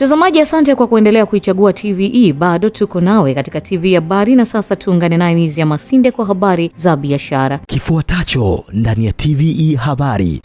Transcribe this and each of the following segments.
Mtazamaji, asante kwa kuendelea kuichagua TVE. Bado tuko nawe katika TV e habari, na sasa tuungane naye Mizi ya Masinde kwa habari za biashara. Kifuatacho ndani ya TVE habari.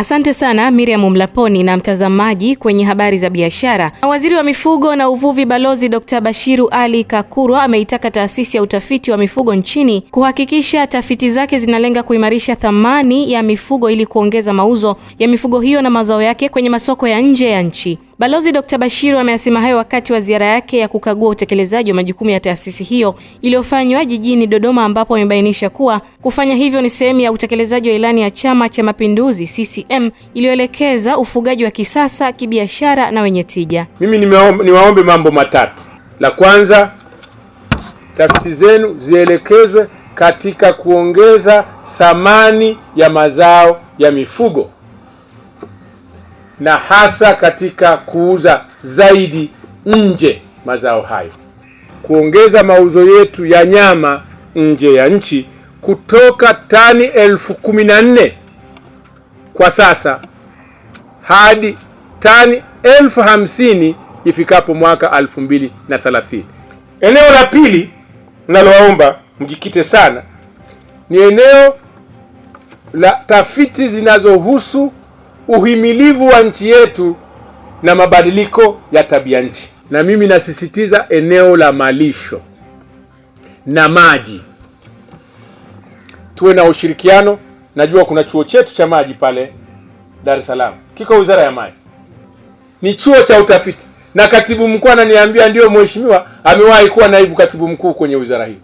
Asante sana Miriam Mlaponi na mtazamaji kwenye habari za biashara. waziri wa mifugo na uvuvi Balozi Dr. Bashiru Ali Kakurwa ameitaka taasisi ya utafiti wa mifugo nchini kuhakikisha tafiti zake zinalenga kuimarisha thamani ya mifugo ili kuongeza mauzo ya mifugo hiyo na mazao yake kwenye masoko ya nje ya nchi. Balozi Dr. Bashiru ameyasema hayo wakati wa ziara yake ya kukagua utekelezaji wa majukumu ya taasisi hiyo iliyofanywa jijini Dodoma, ambapo amebainisha kuwa kufanya hivyo ni sehemu ya utekelezaji wa ilani ya Chama cha Mapinduzi CCM iliyoelekeza ufugaji wa kisasa, kibiashara na wenye tija. Mimi niwaombe mambo matatu. La kwanza, tafiti zenu zielekezwe katika kuongeza thamani ya mazao ya mifugo na hasa katika kuuza zaidi nje mazao hayo, kuongeza mauzo yetu ya nyama nje ya nchi kutoka tani elfu kumi na nne kwa sasa hadi tani elfu hamsini ifikapo mwaka elfu mbili na thelathini. Eneo la pili nalowaomba mjikite sana ni eneo la tafiti zinazohusu uhimilivu wa nchi yetu na mabadiliko ya tabia nchi. Na mimi nasisitiza eneo la malisho na maji, tuwe na ushirikiano. Najua kuna chuo chetu cha maji pale Dar es Salaam, kiko wizara ya maji, ni chuo cha utafiti, na katibu mkuu ananiambia, ndio mheshimiwa, amewahi kuwa naibu katibu mkuu kwenye wizara hii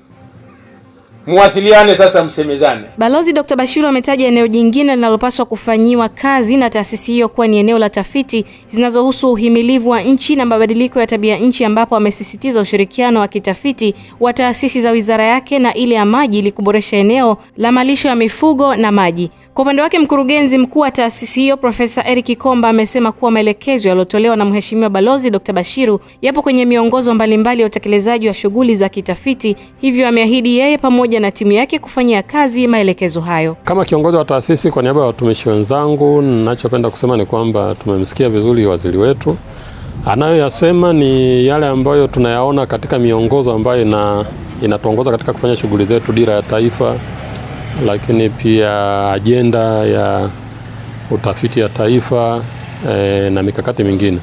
muwasiliane sasa, msemezane. Balozi Dr. Bashiru ametaja eneo jingine linalopaswa kufanyiwa kazi na taasisi hiyo kuwa ni eneo la tafiti zinazohusu uhimilivu wa nchi na mabadiliko ya tabia nchi, ambapo amesisitiza ushirikiano wa kitafiti wa taasisi za wizara yake na ile ya maji ili kuboresha eneo la malisho ya mifugo na maji. Kwa upande wake mkurugenzi mkuu wa taasisi hiyo Profesa Eric Komba amesema kuwa maelekezo yaliyotolewa na Mheshimiwa Balozi Dr. Bashiru yapo kwenye miongozo mbalimbali ya utekelezaji wa shughuli za kitafiti, hivyo ameahidi yeye pamoja na timu yake kufanyia kazi maelekezo hayo. Kama kiongozi wa taasisi, kwa niaba ya watumishi wenzangu, ninachopenda kusema ni kwamba tumemsikia vizuri waziri wetu. Anayoyasema ni yale ambayo tunayaona katika miongozo ambayo ina inatuongoza katika kufanya shughuli zetu, dira ya taifa lakini pia ajenda ya utafiti ya taifa e, na mikakati mingine.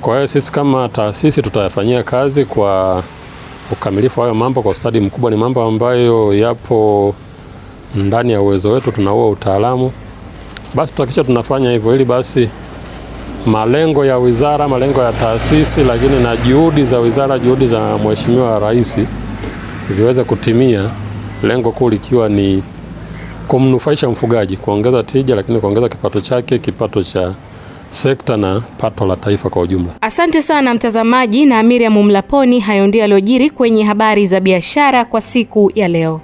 Kwa hiyo sisi kama taasisi tutayafanyia kazi kwa ukamilifu hayo mambo kwa ustadi mkubwa. Ni mambo ambayo yapo ndani ya uwezo wetu, tunauo utaalamu, basi tutahakikisha tunafanya hivyo, ili basi malengo ya wizara, malengo ya taasisi, lakini na juhudi za wizara, juhudi za Mheshimiwa Rais ziweze kutimia, lengo kuu likiwa ni kumnufaisha mfugaji, kuongeza tija, lakini kuongeza kipato chake, kipato cha sekta na pato la taifa kwa ujumla. Asante sana mtazamaji na Miriam Mlaponi, hayo ndio yaliyojiri kwenye habari za biashara kwa siku ya leo.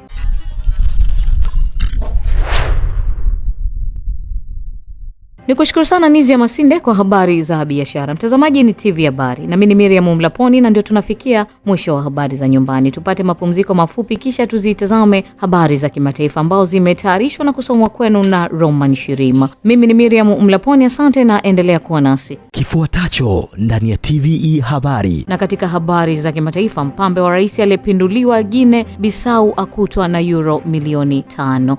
Ni kushukuru sana ya Masinde kwa habari za biashara. Mtazamaji ni TV Habari nami ni Miriam Mlaponi, na ndio tunafikia mwisho wa habari za nyumbani. Tupate mapumziko mafupi, kisha tuzitazame habari za kimataifa ambazo zimetayarishwa na kusomwa kwenu na Roman Shirima. Mimi ni Miriam Mlaponi, asante na endelea kuwa nasi. Kifuatacho ndani ya TVE Habari. Na katika habari za kimataifa, mpambe wa rais aliyepinduliwa gine bisau akutwa na euro milioni tano.